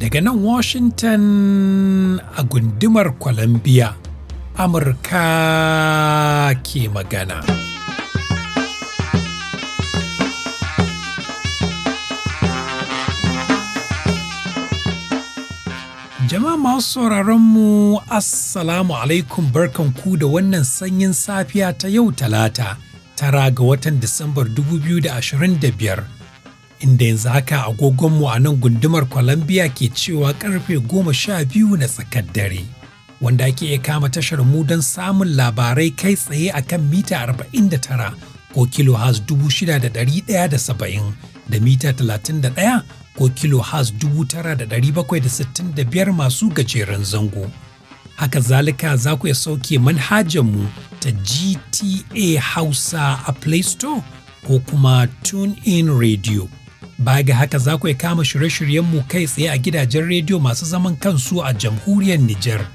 Daga nan Washington a gundumar Columbia, Amurka ke magana. Jama'a masu sauraronmu, Assalamu alaikum barkanku da wannan sanyin safiya ta yau talata. tara ga watan Disambar 2025 inda yanzu haka agogonmu a nan gundumar Columbia ke cewa karfe goma sha biyu na tsakar dare. Wanda ake iya kama tashar mu don samun labarai kai tsaye a kan mita 49 ko kilo has 6,170 da mita 31 ko kilo da biyar masu gajeren zango. Haka zalika za ku iya sauke manhajanmu mu ta GTA Hausa a Play Store ko kuma TuneIn Radio. Baya ga haka za ku kama shirye-shiryenmu kai tsaye a gidajen rediyo masu zaman kansu a jamhuriyar Nijar.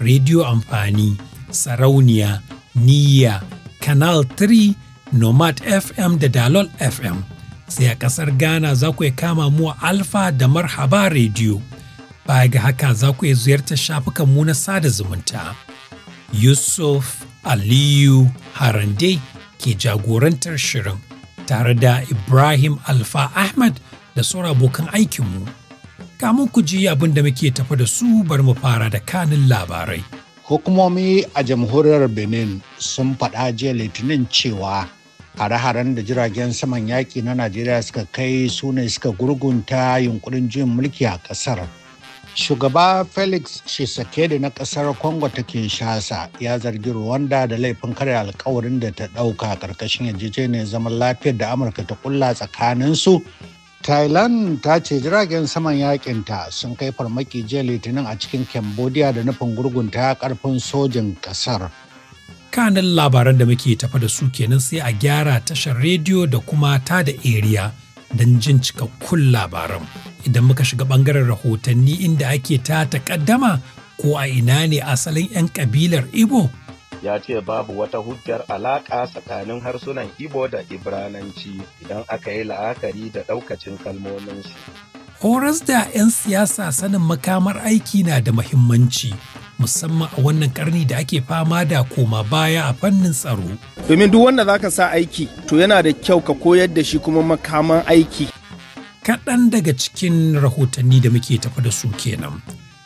Rediyo Amfani, Sarauniya, Niyya, Canal 3, Nomad FM da Dalol FM. Sai a ƙasar Ghana za ku kama mu a Alfa da Marhaba Radio. Baya ga haka za ku iya ziyartar shafukanmu na sada zumunta. Yusuf Aliyu Harande ke jagorantar shirin tare da Ibrahim Alfa Ahmad da sauran abokan aikinmu. Kamun ku ji abin da muke tafa da su bar mu fara da kanin labarai. Hukumomi a jamhuriyar Benin sun faɗa jiya Litinin cewa hare-haren da jiragen saman yaƙi na Najeriya suka kai su ne suka gurgunta yunkurin jin mulki a ƙasar. Shugaba Felix Shisekedi na ƙasar Congo ta Kinshasa ya zargi Rwanda da laifin karya alkawarin da ta ɗauka ƙarƙashin ne zaman lafiyar da Amurka ta kulla tsakaninsu. Thailand ta ce jiragen saman yakinta sun kai farmaki jiya litinin a cikin Cambodia da nufin gurgunta karfin sojin ƙasar. Kanin labaran da muke tafa da su kenan sai a gyara tashar rediyo da kuma ta da eriya. don jin cikakkun labaran. Idan muka shiga ɓangaren rahotanni inda ake ta takaddama ko a ina ne asalin 'yan ƙabilar Igbo? ya ce babu wata hujjar alaƙa tsakanin harsunan Ibo da Ibrananci idan aka yi la'akari da ɗaukacin kalmominsu. horas da 'yan siyasa sanin makamar aiki na da muhimmanci musamman a wannan karni da ake fama da koma baya a fannin tsaro. Domin duk wanda za ka sa aiki to yana da kyau ka koyar da shi kuma makaman aiki. Kaɗan daga cikin rahotanni da muke tafi da su kenan.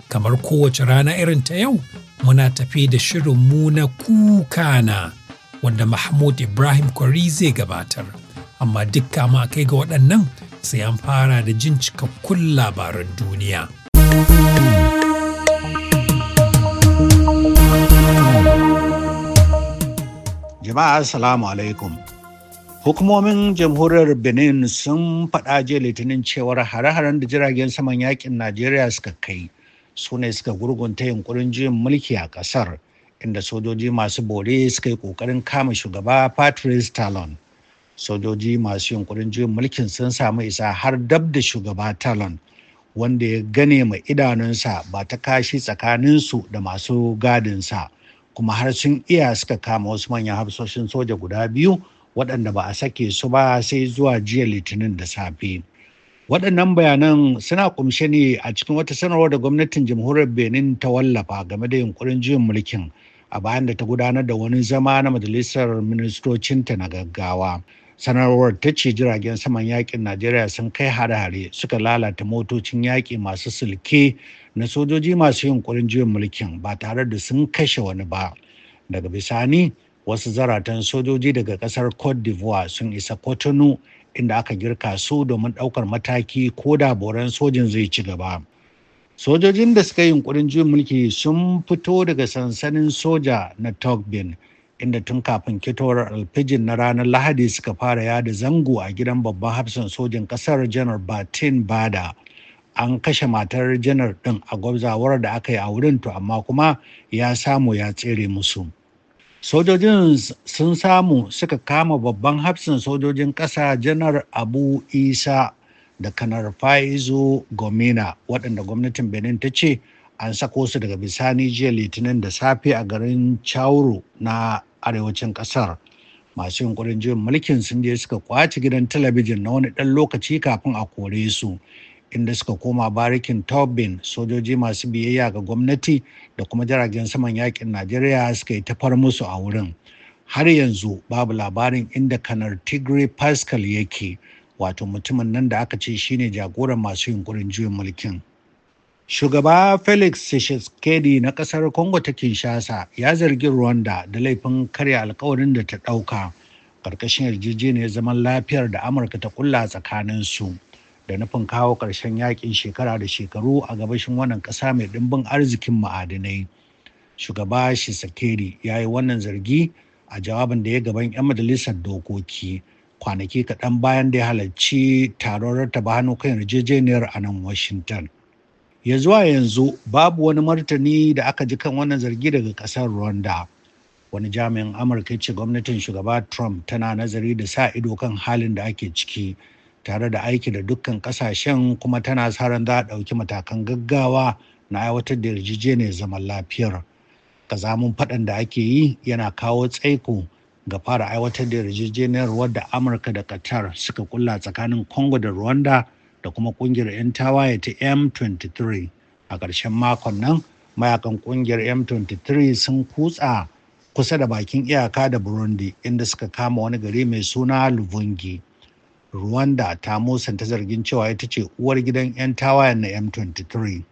Kamar kowace rana irin ta yau muna tafi da shirin mu na kukana wanda Mahmud Ibrahim Kwari zai gabatar. Amma duk kama kai ga waɗannan sai an fara da jin cikakkun labaran duniya. Jama'a Salamu alaikum. Hukumomin jamhuriyar Benin sun faɗa je litinin cewar hare-haren da jiragen saman yakin Najeriya suka kai su ne suka gurgunta yunkurin juyin mulki a ƙasar inda sojoji masu bore suka yi ƙoƙarin kama shugaba Patrice Talon. sojoji masu yunkurin juyin mulkin sun samu isa har dab da shugaba talon wanda ya gane ma idanunsa ba ta kashi tsakaninsu da masu gadinsa kuma har sun iya suka kama wasu manyan hafsoshin soja guda biyu waɗanda ba a sake su ba sai zuwa jiya litinin da safe waɗannan bayanan suna kumshe ne a cikin wata sanarwar da gwamnatin jamhuriyar benin ta wallafa game da yunkurin juyin mulkin a bayan da ta gudanar da wani zama na majalisar ministocinta na gaggawa sanarwar ta ce jiragen saman yakin najeriya sun kai hare-hare suka lalata motocin yaƙi masu silke na sojoji masu ƙurin juyin mulkin ba tare da sun kashe wani ba daga bisani wasu zaratan sojoji daga ƙasar cote d'ivoire sun isa cotonou inda aka girka su domin ɗaukar mataki ko da boran sojin zai ci gaba sojojin da suka yi yunkurin juyin mulki sun fito daga sansanin soja na Tokbin. inda tun kafin kitowar alfijin na ranar lahadi suka fara yada zango a gidan babban hafsan sojin kasar janar batin bada an kashe matar janar din a gwabzawar da aka yi a wurin to amma kuma ya samu ya tsere musu sojojin sun samu suka kama babban hafsan sojojin ƙasa janar abu isa da kanar faizo gomina waɗanda gwamnatin benin ta ce an sako su daga bisani jiya litinin da safe a garin chauru na arewacin ƙasar masu yunkurin juyin mulkin sun je suka kwace gidan talabijin na wani ɗan lokaci kafin a kore su inda suka koma barikin tobin sojoji masu biyayya ga gwamnati da kuma jiragen saman yakin najeriya suka yi tafar musu a wurin har yanzu babu labarin inda kanar tigray pascal yake wato mutumin nan da aka ce shine jagoran masu yunkurin juyin mulkin Shugaba Felix Tshisekedi na ƙasar Congo ta Kinshasa ya zargi Rwanda da laifin karya alkawarin da ta ɗauka ƙarƙashin yarjejeniyar zaman lafiyar da Amurka ta kulla tsakanin su da nufin kawo ƙarshen yakin shekara da shekaru a gabashin wannan ƙasa mai ɗimbin arzikin ma'adinai. Shugaba Tshisekedi ya yi wannan zargi a jawabin da ya gaban 'yan majalisar dokoki kwanaki kaɗan bayan da ya halarci taron rattaba hannu kan yarjejeniyar a nan Washington. ya zuwa yanzu babu wani martani da aka ji kan wannan zargi daga kasar rwanda wani jami'in amurka ce gwamnatin shugaba trump tana nazari da sa ido kan halin da ake ciki tare da aiki da dukkan kasashen kuma tana sa ran za a ɗauki matakan gaggawa na aiwatar da yarjejeniyar zaman lafiyar kazamin faɗan da ake yi yana kawo tsaiko ga fara aiwatar da yarjejeniyar wadda amurka da qatar suka kulla tsakanin congo da rwanda da kuma kungiyar 'yan tawaye ta m23 a ƙarshen makon nan mayakan kungiyar m23 sun kutsa kusa da bakin iyaka da burundi inda suka kama wani gari mai suna luvungi rwanda ta musanta zargin cewa ita ce uwar gidan 'yan tawayen na m23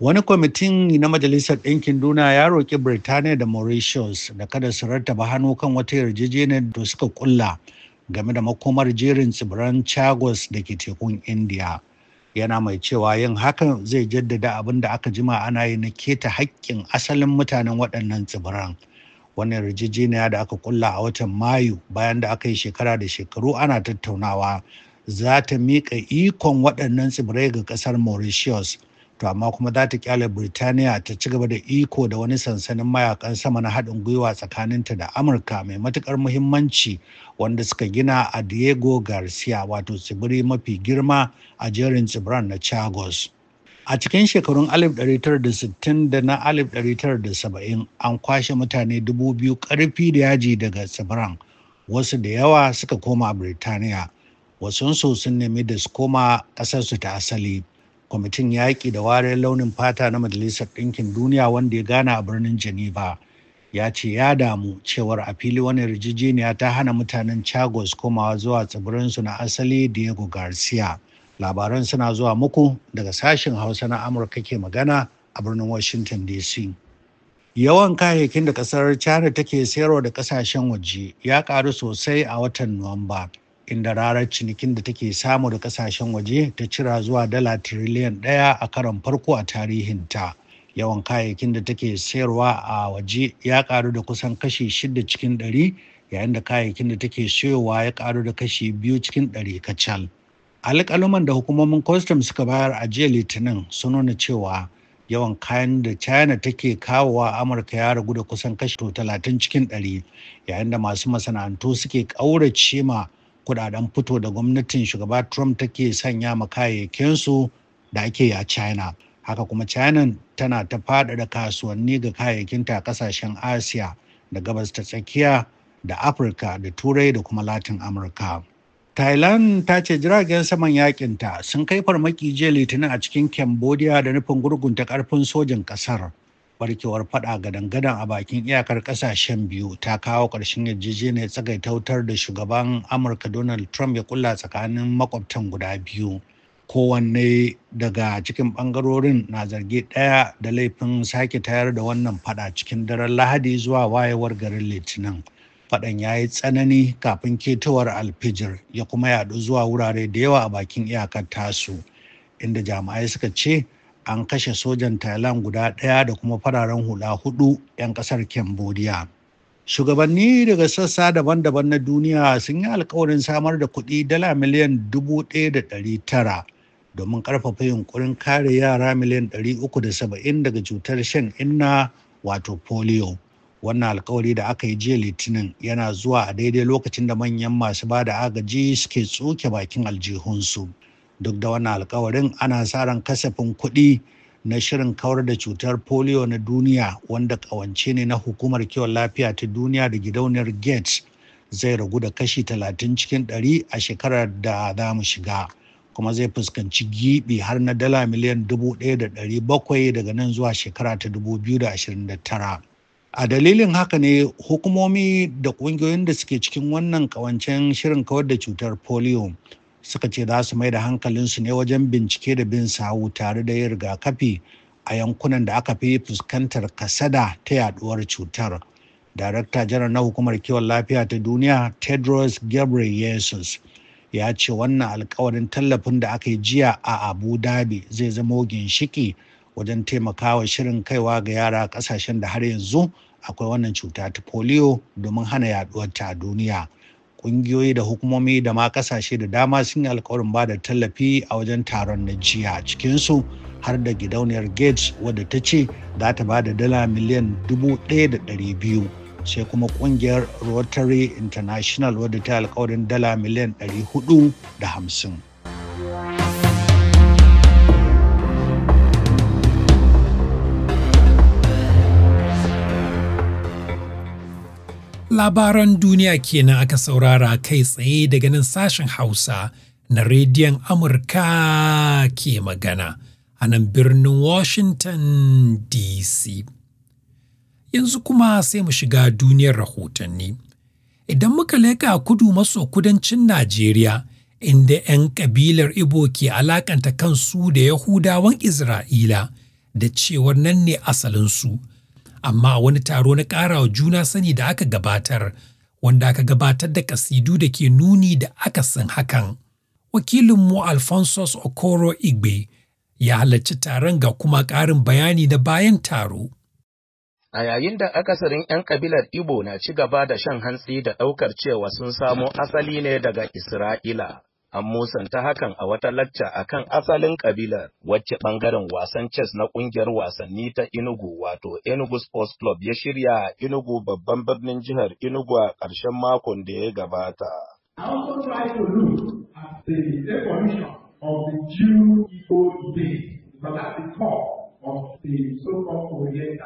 wani kwamitin na majalisar ɗinkin Duna ya roƙi birtaniya da mauritius da kada su rattaba hannu kan wata yarjejeniyar da suka kulla game da makomar jerin tsibiran chagos da ke tekun Indiya, yana mai cewa yin hakan zai jaddada abin da aka jima ana yi na keta haƙƙin asalin mutanen waɗannan tsibiran wannan yarjejeniya da aka kulla a watan mayu bayan da aka yi shekara da shekaru ana tattaunawa za ta miƙa ikon waɗannan tsibirai ga ƙasar mauritius to amma kuma za ta kyale birtaniya ta ci gaba da iko da wani sansanin mayakan sama na haɗin gwiwa tsakaninta da amurka mai matukar muhimmanci wanda suka gina a diego garcia wato tsibiri mafi girma a jerin tsibiran na chagos a cikin shekarun 1960 da na 1970 an kwashe mutane dubu biyu karfi da yaji daga tsibiran wasu da yawa suka koma birtaniya wasunsu sun nemi da su koma ƙasarsu ta asali kwamitin yaƙi da wariyar launin fata na majalisar ɗinkin duniya wanda ya gana a birnin geneva ya ce ya damu cewar a fili wani yarjejeniya ta hana mutanen chagos komawa zuwa tsibirinsu na asali diego garcia labaran suna zuwa muku daga sashen hausa na amurka ke magana a birnin washington dc yawan kayayyakin da kasar china take sayarwa da kasashen waje ya ƙaru sosai a watan nuwamba inda rarar cinikin da take samu da kasashen waje ta cira zuwa dala tiriliyan ɗaya a karon farko a tarihinta. Yawan kayayyakin da take sayarwa a waje ya karu da kusan kashi shida cikin dari yayin da kayayyakin da take siyowa ya karu da kashi biyu cikin dari kacal. alƙaluman da hukumomin kwastam suka bayar a jiya litinin su nuna cewa yawan kayan da china take kawowa amurka ya ragu da kusan kashi talatin cikin 100 yayin da masu masana'antu suke ƙaurace ma kudaden fito da gwamnatin shugaba trump take sanya ma kayayyakinsu da ake a china haka kuma china tana ta da kasuwanni ga kayayyakinta a ƙasashen asiya da gabas ta tsakiya da afirka da turai da kuma latin amurka thailand ta ce jiragen saman yakinta sun kai farmaki jiya litinin a cikin cambodia da nufin gurgunta karfin sojin kasar barkewar fada gadan-gadan a bakin iyakar kasashen biyu ta kawo ƙarshen yarjejeniyar tsagaitautar da shugaban amurka donald trump ya kulla tsakanin makwabtan guda biyu kowanne daga cikin bangarorin na zargi ɗaya da laifin sake tayar da wannan fada cikin daren lahadi zuwa wayewar garin litinin fadan ya yi tsanani kafin ketowar alfijir ya kuma yaɗu zuwa wurare da yawa a bakin iyakar tasu inda jami'ai suka ce an kashe sojan thailand guda ɗaya da kuma fararen hula hudu 'yan ƙasar cambodia shugabanni daga sassa daban-daban na duniya sun yi alkawarin samar da kuɗi dala miliyan dubu ɗaya da ɗari tara, domin ƙarfafa yunkurin kare yara miliyan ɗari uku da saba'in daga cutar shan inna wato polio wannan alkawari da aka yi jiya litinin yana zuwa a daidai lokacin da manyan masu ba da agaji suke tsoke bakin aljihunsu. duk da wannan alkawarin ana sa ran kasafin kuɗi na shirin kawar da cutar polio na duniya wanda kawance ne na hukumar kiwon lafiya ta duniya da gidauniyar gates zai ragu da kashi talatin cikin 100 a shekarar da za mu shiga kuma zai fuskanci gibi har na dala miliyan dubu ɗaya da ɗari bakwai daga nan zuwa shekara ta da da ashirin tara. a dalilin haka ne hukumomi da ƙungiyoyin da suke cikin wannan kawancen shirin kawar da cutar polio suka ce za su mai da hankalinsu ne wajen bincike da bin sawu tare da yin rigakafi a yankunan da aka fi fuskantar kasada ta yaduwar cutar darakta janar na hukumar kiwon lafiya ta duniya tedros ghebreyesus ya ce wannan alkawarin tallafin da aka yi jiya a abu dhabi zai zama ginshiki wajen taimakawa shirin kaiwa ga yara kasashen da har yanzu akwai wannan cuta ta polio domin hana yaduwar ta duniya kungiyoyi da hukumomi da ma kasashe da dama sun yi alkawarin ba da tallafi a wajen taron na jiya cikinsu har da gidauniyar gates wadda ta ce za ta ba da dala miliyan 1,200 sai kuma kungiyar rotary international wadda ta alkawarin dala miliyan 450 labaran duniya kenan aka saurara kai tsaye daga nan sashen Hausa na rediyon Amurka ke magana a nan birnin Washington DC. Yanzu kuma sai mu shiga duniyar rahotanni. Idan muka leka kudu maso kudancin Najeriya, inda 'yan kabilar Ibo ke alakanta kansu da Yahudawan Isra'ila da cewar nan ne asalinsu. amma wani taro na ƙarawa juna sani da aka gabatar wanda aka gabatar da ƙasidu da ke nuni da akasin hakan. Wakilinmu alfonso Okoro Igbe ya halarci taron ga kuma ƙarin bayani na bayan taro. A yayin da akasarin 'yan kabilar Igbo na ci gaba da shan hantsi da ɗaukar cewa sun samo asali ne daga Isra'ila, an musanta hakan a wata lacca a kan asalin kabilar wacce bangaren wasan chess na kungiyar wasanni ta inugu, wato Enugu Sports Club ya shirya a Enugu babban birnin jihar inugu a ƙarshen makon da ya gabata. of the but at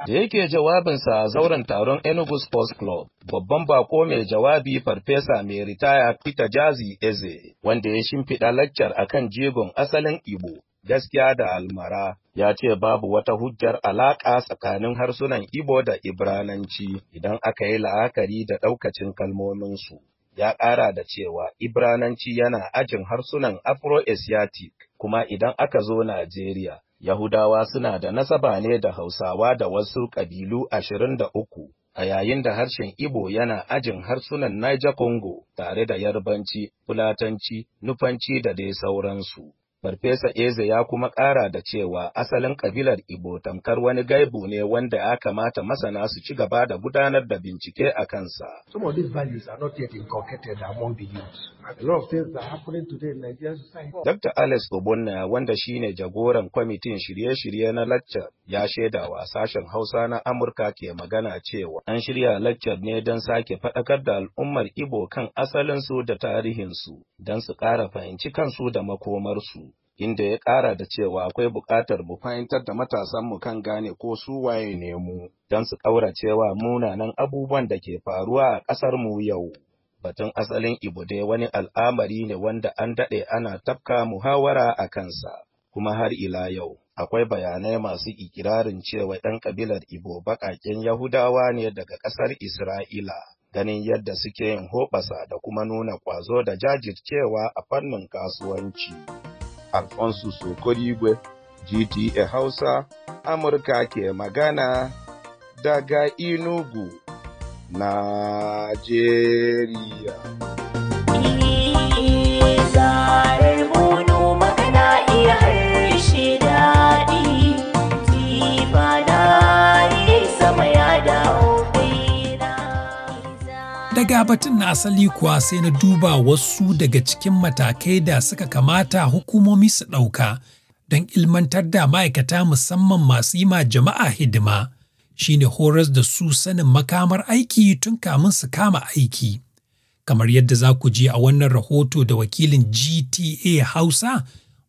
Da yake jawabinsa a zauren taron Enugu Sports Club, babban bako mai jawabi farfesa mai ritaya Peter Jazi Eze, wanda ya shimfiɗa laccar a kan jegon asalin Igbo, gaskiya da almara, ya ce babu wata hujjar alaƙa tsakanin harsunan Igbo da Ibrananci idan aka yi la'akari da ɗaukacin kalmominsu. ya ƙara da cewa Ibrananci yana ajin harsunan Afro-Asiatic kuma idan aka zo Najeriya Yahudawa suna da nasaba ne da Hausawa da wasu ƙabilu ashirin da uku, a yayin da harshen Ibo yana ajin harsunan Niger Congo tare da Yarbanci, Fulatanci, Nufanci da dai sauransu. Farfesa Eze ya kuma ƙara da cewa asalin ƙabilar Ibo tamkar wani gaibu ne wanda ya kamata masana su ci gaba da gudanar da bincike a kansa. Some of these values are not yet inculcated among the youth. A lot of things are happening today in Nigerian society. Dr. Alex Obonna wanda shine jagoran kwamitin shirye-shirye na laccar ya shaida wa sashen Hausa na Amurka ke magana cewa an shirya laccar ne don sake faɗakar da al'ummar Ibo kan asalinsu da tarihinsu don su ƙara fahimci kansu da makomarsu. inda ya ƙara da cewa akwai buƙatar mu fahimtar da matasanmu kan gane ko su waye ne mu don su ƙauracewa munanan abubuwan da ke faruwa a ƙasarmu yau. Batun asalin Ibude wani al'amari ne wanda an daɗe ana tafka muhawara a kansa, kuma har ila yau. Akwai bayanai masu ikirarin cewa ɗan ƙabilar Ibo baƙaƙen Yahudawa ne daga ƙasar Isra'ila. ganin yadda suke yin hoɓasa da kuma nuna ƙwazo da jajircewa a fannin kasuwanci. Alphonsus Okorigwe, GTA Hausa, Amurka ke magana daga Inugu, Najeriya. ga batun na asali kuwa sai na duba wasu daga cikin matakai da suka kamata hukumomi su ɗauka don ilmantar da ma'aikata musamman masu yi ma jama'a hidima shine horas da su sanin makamar aiki tun kamun su kama aiki. Kamar yadda za ku ji a wannan rahoto da wakilin GTA Hausa,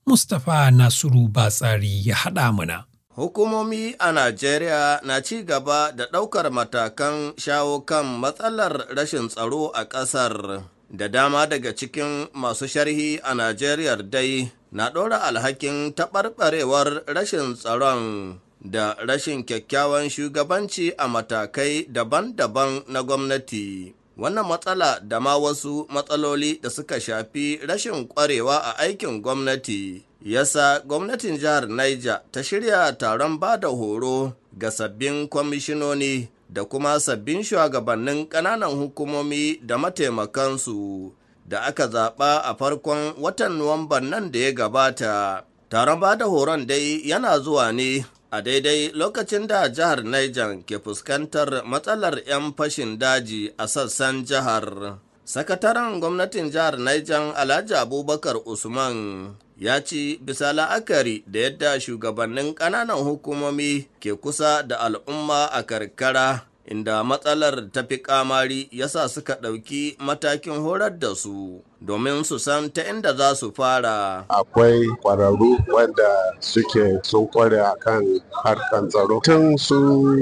Mustapha Nasiru Batsari ya haɗa mana. Hukumomi a Najeriya na ci gaba da ɗaukar matakan shawo kan matsalar rashin tsaro a ƙasar. Da dama daga cikin masu sharhi a Najeriya dai na ɗora alhakin taɓarɓarewar rashin tsaron da rashin kyakkyawan shugabanci a matakai daban-daban na gwamnati. Wannan matsala da ma wasu matsaloli da suka shafi rashin ƙwarewa a aikin gwamnati yasa gwamnatin jihar Niger ta shirya taron ba da horo ga sabbin kwamishinoni da kuma sabbin shugabannin ƙananan hukumomi da mataimakansu da aka zaɓa a farkon watan Nuwamban nan da ya gabata. Taron ba da horon dai yana zuwa ne a daidai lokacin da jihar Niger ke fuskantar matsalar 'yan fashin daji a sassan jihar. Sakataren gwamnatin jihar Niger Alhaji Abubakar Usman ya ci, bisa la'akari da yadda shugabannin ƙananan hukumomi ke kusa da al'umma a karkara inda matsalar ta fi kamari sa suka ɗauki matakin horar da su domin su san ta inda za su fara. Akwai ƙwararru wanda suke sun kware a kan harkan tsaro. Tun su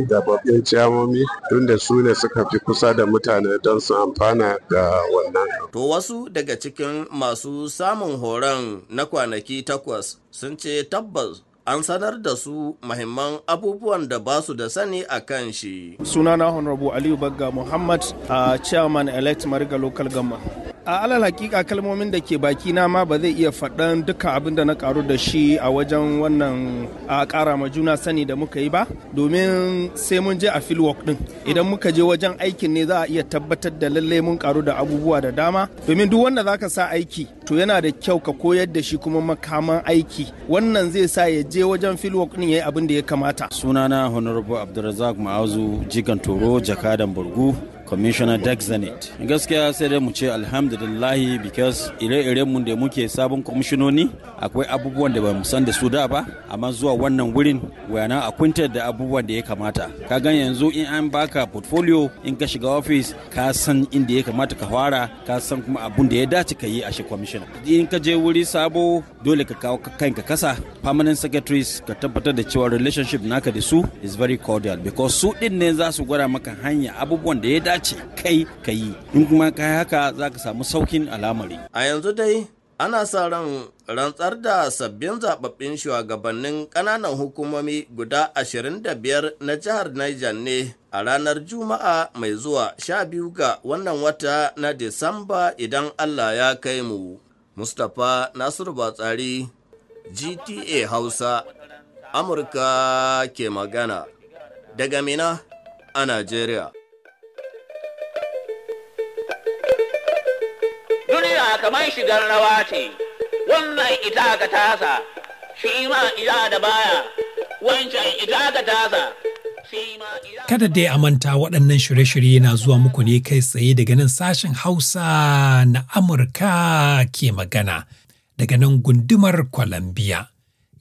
babban ciyamomi tunda su ne suka fi kusa da mutane don su amfana da wannan. To wasu daga cikin masu samun horon na kwanaki takwas sun ce tabbas an sanar da su mahimman abubuwan da ba su da sani a kan shi. Sunana Honorable Aliyu Bagga Muhammad a Chairman Elect Mariga Local gama. A alal hakika kalmomin da ke baki na ma ba zai iya faɗan duka abin da na karu da shi a wajen wannan a ƙara ma juna sani da muka yi ba domin sai mun je a fieldwork din idan muka je wajen aikin ne za a iya tabbatar da lallai mun karu da abubuwa da dama domin duk wanda zaka sa aiki to yana da kyau ka koyar da shi kuma makaman aiki wannan zai sa ya je wajen filwok ɗin ya yi abin da ya kamata sunana honorable abdulrazak ma'azu jigan toro jakadan burgu commissioner dexanet gaskiya sai dai mu ce alhamdulillahi because ire-iren mu da muke sabon kwamishinoni akwai abubuwan da ba mu san da su da ba amma zuwa wannan wurin wayana a kuntar da abubuwan da ya kamata ka gan yanzu in an baka portfolio in ka shiga office ka san inda ya kamata ka fara ka san kuma abun da ya dace ka yi a shi commissioner in ka je wuri sabo dole ka kawo kanka kasa permanent secretaries ka tabbatar da cewa relationship naka da su is very cordial because su din ne za su gwada maka hanya abubuwan da ya dace dace kai ka yi in kuma ka haka za ka samu saukin al'amari a yanzu dai ana sa ran rantsar da sabbin zababbin shugabannin ƙananan hukumomi guda 25 na jihar Niger ne a ranar Juma'a mai zuwa 12 ga wannan wata na Disamba idan Allah ya kai mu. Mustapha Nasiru Batsari, GTA Hausa, Amurka ke magana, daga Mina a Najeriya. kamar shigar rawa ce wannan ita ka tasa shi ma ila da baya wancan ita ka tasa Kada dai a manta waɗannan shirye-shirye na zuwa muku ne kai tsaye daga nan sashen Hausa na Amurka ke magana daga nan gundumar kwalambiya,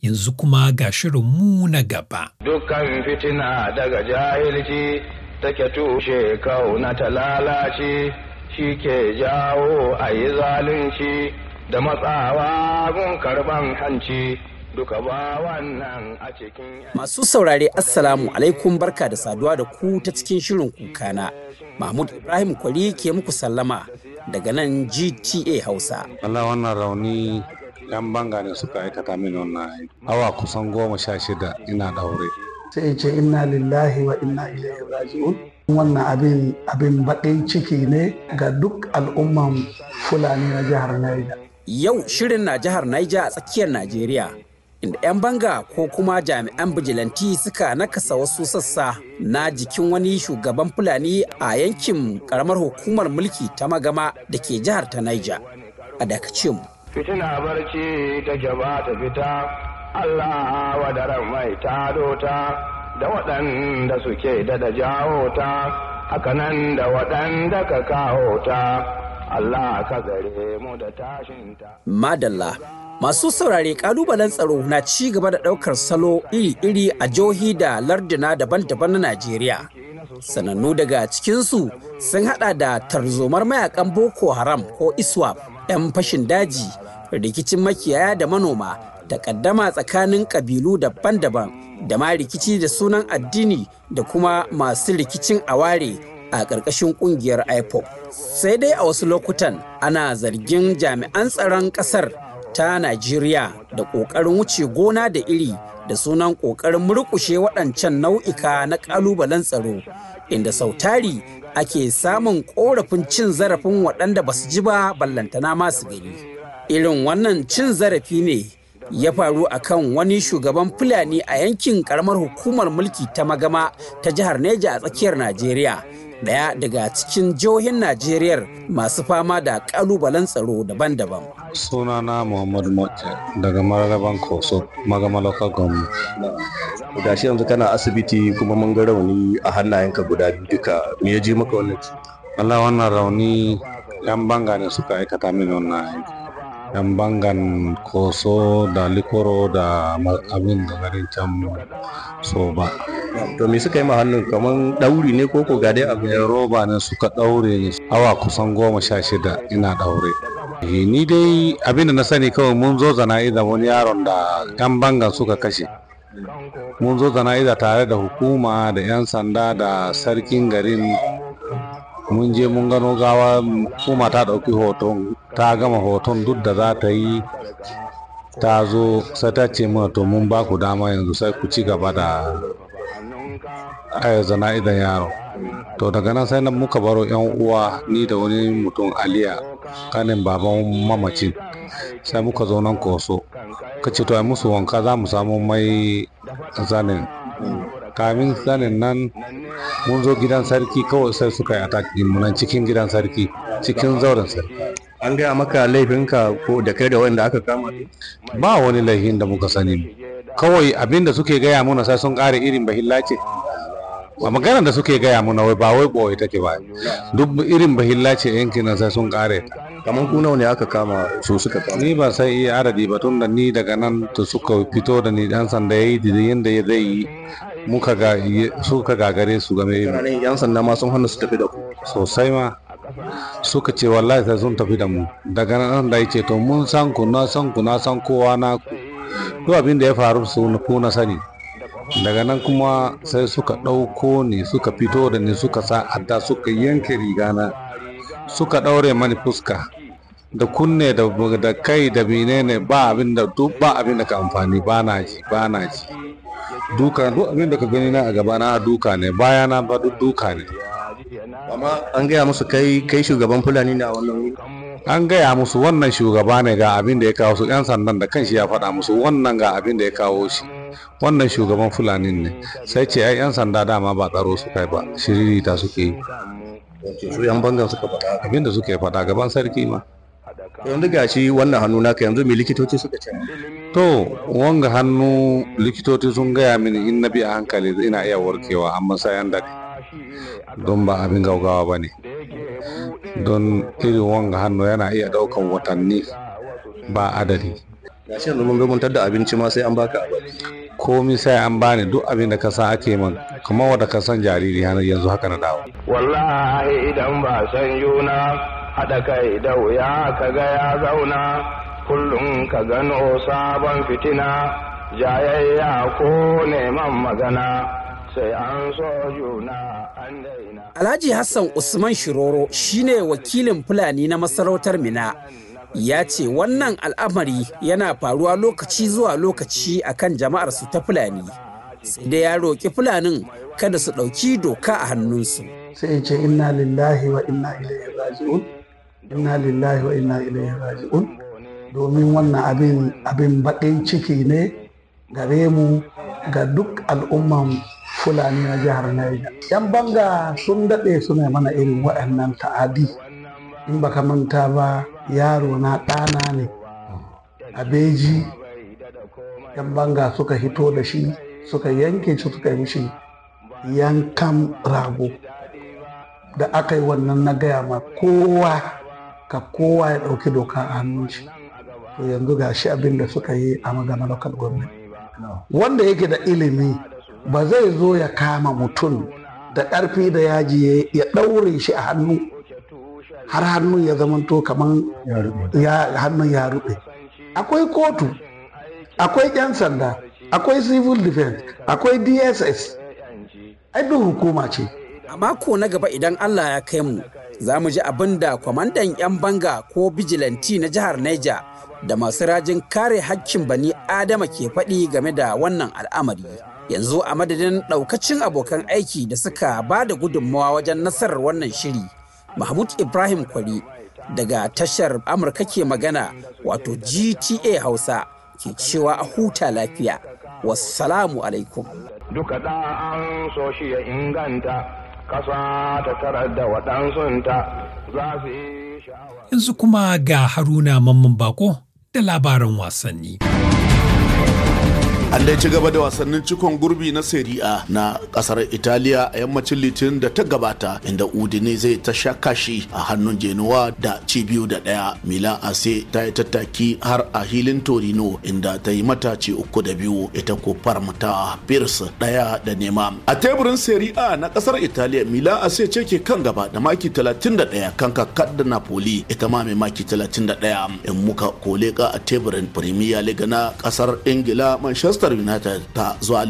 Yanzu kuma ga mu na gaba. Dukkan fitina daga jahilci take tushe kauna ta lalace. shi ke jawo a yi zalunci da matsawa gun karban hanci duka ba wannan a cikin masu saurare assalamu alaikum barka da saduwa da ku ta cikin shirin kukana mahmud ibrahim kwari ke muku sallama daga nan gta hausa Allah wannan rauni yan banga ne suka aikata mini wannan awa kusan goma sha shida ina daure sai ce inna lillahi wa inna ilaihi raji'un wannan abin abin baƙin ciki ne ga duk al'umman fulani na jihar Niger. Yau shirin na jihar Niger a tsakiyar Najeriya inda 'yan banga ko kuma jami'an bijilanti suka nakasa wasu sassa na jikin wani shugaban fulani a yankin karamar hukumar mulki ta magama da ke jihar ta Niger. A dakace mu. Fitina barci ta gaba ta fita, Allah wadaran mai ta dota. da waɗanda suke daɗa jawo ta hakanan da waɗanda ka kawo ta Allah ka gare mu da tashin ta. Madalla Masu saurare kalubalen tsaro na ci gaba da ɗaukar salo iri-iri a johi da lardina daban-daban na Najeriya. Sanannu daga cikinsu sun hada da tarzomar mayakan Boko Haram ko ISWAP 'yan fashin daji, rikicin makiyaya da manoma takaddama tsakanin ƙabilu daban-daban da ma rikici da sunan addini da kuma masu rikicin aware a ƙarƙashin ƙungiyar ipop sai dai a wasu lokutan ana zargin jami'an tsaron ƙasar ta najeriya da ƙoƙarin wuce gona da iri da sunan ƙoƙarin murƙushe waɗancan nau'ika na ƙalubalen tsaro inda sautari ake samun ƙorafin cin zarafin waɗanda ba su ji ba ballantana masu gani irin wannan cin zarafi ne ya faru a kan wani shugaban fulani a yankin karamar hukumar mulki ta magama ta jihar neja a tsakiyar najeriya daya daga cikin jihohin najeriya masu fama da kalubalen tsaro daban-daban Suna na muhammadu mace daga mararaban koso magama local government Da shi yanzu kana asibiti kuma mun ga rauni a hannayenka guda biyu duka me ya ji maka wannan Allah wannan rauni yan banga ne suka aikata mini wannan aiki yan bangan koso da likoro da abin da garin can so ba to me suka yi ma hannun kamar ɗauri ne ko ko ga abu abu roba ne suka ɗaure ni awa kusan goma sha shida ina ɗaure eh, ni dai abin da na sani kawai mun zo zana'iza wani yaron da yan bangan suka kashe mun zo zana'iza tare da hukuma da 'yan sanda da sarkin garin mun je mun gano gawa kuma ta ɗauki hoton ta gama hoton duk da za ta yi ta zo sai ta ce mana to mun ba ku dama yanzu sai ku ci gaba da aya zana idan yaro to daga nan sai nan muka baro yan uwa ni da wani mutum aliya kanin baban mamacin sai muka zo nan koso kace ce to ai musu wanka za mu samu mai zanin kamin sanin nan mun zo gidan sarki kawai sai suka yi attack din nan cikin gidan sarki cikin zauren sarki an gaya maka laifinka ko da kai da wanda aka kama ba wani laifin da muka sani kawai abin da suke gaya muna sai sun ƙara irin bahilla ce a magana da suke gaya muna wai ba wai boye take ba duk irin bahilla ce yankin nan sai sun ƙare kamar ku nawa ne aka kama su suka kama ni ba sai iya adadi ba tun da ni daga nan to suka fito da ni dan sanda yayi da yanda zai yi muka ga suka gagare su game da yan sanda ma sun hannu su tafi da ku sosai ma suka ce wallahi sai sun tafi da mu daga nan da ce to mun san ku na san ku na san kowa na ku duk abin da ya faru su ku na sani daga nan kuma sai suka ɗauko ni suka fito da ni suka sa adda suka yanke rigana suka ɗaure mani fuska da kunne da kai da menene ba abin da ba abin ka amfani ba ba na ji duka duk abin da ka gani na a gaba na duka ne baya na ba duk duka ne amma an gaya musu kai kai shugaban fulani ne a wannan an gaya musu wannan shugaba ne ga abin da ya kawo su yan sandan da kan shi ya faɗa musu wannan ga abin da ya kawo shi wannan shugaban fulani ne sai ce ai yan sanda dama ba tsaro su kai ba ta suke yi su yan bangan suka faɗa abin da suke faɗa gaban sarki ma yanzu gashi wannan hannu naka yanzu mai likitoci suka ce to wanga hannu likitoci sun gaya mini in na bi a hankali ina iya warkewa amma sayan da don ba abin gaugawa ba ne don irin wanga hannu yana iya daukan watanni ba adadi ga shi yanzu mun abinci ma sai an baka komi sai an bani duk abin da kasa ake min kamar wanda ka jariri hannun yanzu haka na dawo wallahi idan ba san yuna haɗa kai da wuya ka ga ya zauna kullum ka gano sabon fitina jayayya ko neman magana sai an so juna an daina. Alhaji Hassan Usman Shiroro shine wakilin Fulani na masarautar Mina. Ya ce wannan al'amari yana faruwa lokaci zuwa lokaci a kan jama'arsu ta Fulani. Sai dai ya roƙi Fulanin kada su ɗauki doka a hannunsu. Sai ce inna lillahi wa inna ilaihi raji'un. Inna lillahi wa inna ilaihi raji'un. domin wannan abin abin baƙin ciki ne gare mu ga duk al'umman fulani na jihar Niger. 'Yan banga sun daɗe suna mana irin waɗannan ta'adi in baka manta ba yaro na ɗana ne a beji 'yan banga suka hito da shi suka yanke shi suka yi shi yankan rago da aka yi wannan na gaya ma kowa ka kowa ya ɗauki doka a hannun shi to yanzu ga shi abin da suka yi a magana local government wanda yake da ilimi ba zai zo ya kama mutum da ƙarfi da yaji ya ɗaure shi a hannu har hannun ya zamanto kamar hannun ya ruɓe akwai kotu akwai 'yan sanda akwai civil defense akwai dss ai hukuma ce a mako na gaba idan allah ya kai mu za mu ji abin da kwamandan 'yan banga ko bijilanti na jihar niger da masu rajin kare hakkin bani adama ke faɗi game da wannan al'amari yanzu a madadin ɗaukacin abokan aiki da suka ba da gudunmawa wajen nasarar wannan shiri mahmud ibrahim kwari daga tashar amurka ke magana wato gta hausa ke cewa a huta lafiya wasalamu alaikum duka da an so shi ya inganta kasa ta tarar da waɗansunta za su yi yanzu kuma ga haruna mamman bako da labaran wasanni. an dai ci gaba da wasannin cikon gurbi na Serie A na kasar Italiya a yammacin Litinin da ta gabata inda zai ta sha kashi a hannun Genoa da ci biyu da ɗaya. Milan AC ta yi tattaki har a hilin Torino inda ta yi mata ci uku da biyu ita ko farmata Pirs ɗaya da nema. A teburin Serie A na kasar Italiya Milan AC ce ke kan gaba da maki 31 kan ka da Napoli ita ma mai maki talatin da 31 in muka koleka a teburin Premier League na kasar Ingila Manchester Manchester United ta zuwa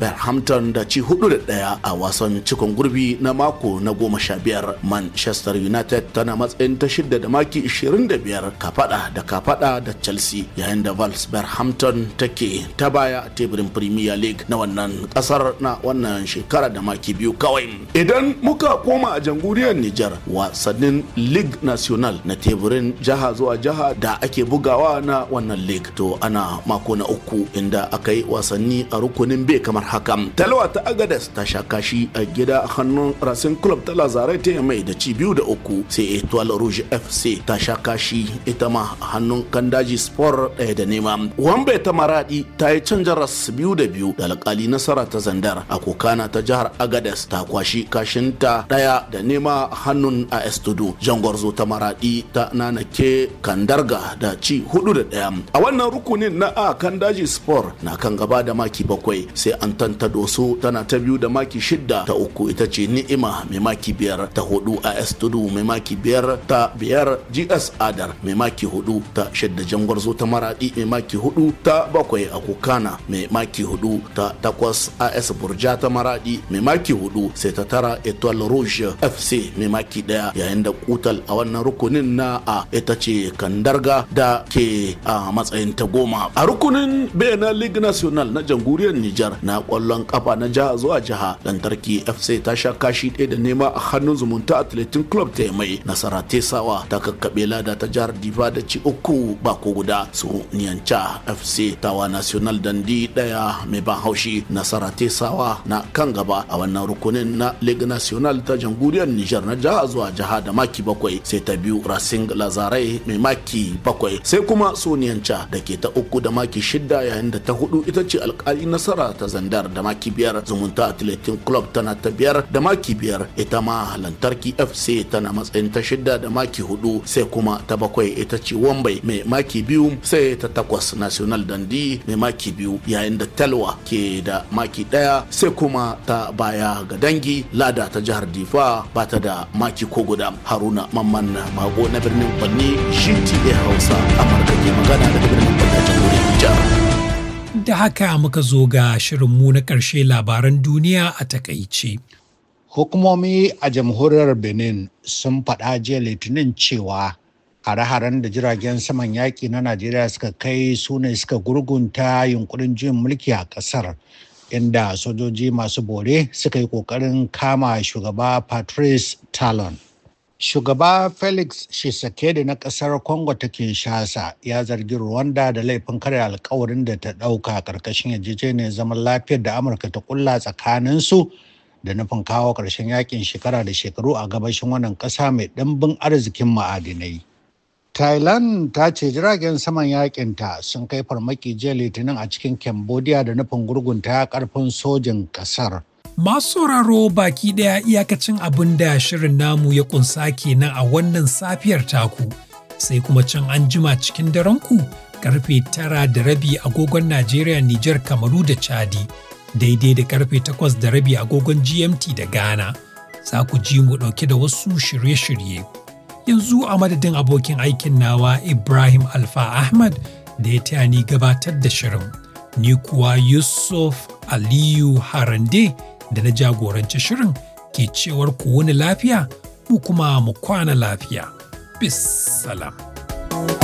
Berhampton da ci hudu da ɗaya a wasan cikon gurbi na mako na goma sha biyar. Manchester United tana matsayin ta shidda da maki 25 kafada da kafada da Chelsea yayin da Berhampton take ta baya a teburin Premier League na wannan kasar na wannan shekara da maki biyu kawai. Idan muka koma a jamhuriyar Nijar wasannin League National na teburin jiha zuwa jiha da ake bugawa na wannan league to ana mako na uku inda aka kai wasanni a rukunin bai kamar haka talawa ta agades ta sha kashi a gida hannun rasin club ta lazare ta mai da ci biyu da uku sai etoile rouge fc ta sha kashi ita ma hannun kandaji sport ɗaya da nema wambe ta maradi ta yi canjar ras biyu da biyu da alkali nasara ta zandar a kokana ta jihar agades ta kwashi kashinta ɗaya da nema hannun a estudu jangwarzo ta maradi ta nanake kandarga da ci hudu da ɗaya a wannan rukunin na a daji sport na kan gaba da maki bakwai sai an tanta doso tana ta biyu da maki shidda ta uku ita ce ni'ima mai maki biyar ta hudu as tudu mai maki biyar ta biyar gs adar mai maki hudu ta shidda jangwarzo ta maradi mai maki hudu ta bakwai a kukana mai maki hudu ta takwas as burja ta maradi mai maki hudu sai ta tara etoile rouge fc mai maki daya yayin da kutal a wannan rukunin na a ita ce kandarga da ke a matsayin ta goma a rukunin bena league na national na jamhuriyar nijar na kwallon kafa na jiha zuwa jiha lantarki fc ta sha kashi ɗaya da nema a hannun zumunta athletic club ta mai nasara sawa ta kakkabe lada ta jihar diva da ci uku ba ko guda su niyanca fc tawa national dandi ɗaya mai ban haushi nasara sawa na kan gaba a wannan rukunin na league national ta jamhuriyar nijar na jiha zuwa jiha da maki bakwai sai ta biyu racing lazarai mai maki bakwai sai kuma soniyanca da ke ta uku da maki shida yayin da ta hudu ita ce alkali nasara ta zandar da maki biyar zumunta athletic club tana ta biyar da maki biyar ita ma lantarki fc tana matsayin ta shida da maki hudu sai kuma ta bakwai ita ce wambai mai maki biyu sai ta takwas national dandi mai maki biyu yayin da talwa ke da maki daya sai kuma ta baya ga dangi lada ta jihar difa ba ta da maki ko guda haruna mamman mago na birnin kwanni shi hausa amurka ke magana da birnin kwanni a jamhuriyar jihar da haka muka zo ga shirinmu na ƙarshe labaran duniya a takaice. Hukumomi a jamhuriyar Benin sun faɗa jiya Litinin cewa hare-haren da jiragen saman yaƙi na Najeriya suka kai su ne suka gurgunta yunkurin juyin mulki a ƙasar inda sojoji masu bore suka yi ƙoƙarin kama shugaba Patrice Talon. Shugaba Felix Shisekedi na ƙasar Congo ta Kinshasa ya zargi Rwanda da laifin kare alkawarin da ta ɗauka ƙarƙashin ne zaman lafiyar da Amurka ta ƙulla tsakaninsu da nufin kawo ƙarshen yakin shekara da shekaru a gabashin wannan ƙasa mai ɗimbin arzikin ma'adinai. Thailand ta ce jiragen saman yakinta sun kai farmaki jiya litinin a cikin Cambodia da nufin gurgunta ƙarfin sojin ƙasar. Masu sauraro baki ɗaya iyakacin abin da shirin namu ya ƙunsa kenan a wannan safiyar taku, sai kuma can an jima cikin darenku karfe tara da rabi agogon Najeriya, Nijar, Kamaru da Chadi, daidai da karfe takwas da rabi agogon GMT da Ghana. Za ku ji mu ɗauke da wasu shirye-shirye. Yanzu a madadin abokin aikin nawa Ibrahim Alfa Ahmad da ya taya ni gabatar da shirin. Ni kuwa Yusuf Aliyu Harande. da na jagoranci shirin ke cewar ku wani lafiya, ku kuma mu kwana lafiya. Bis salam.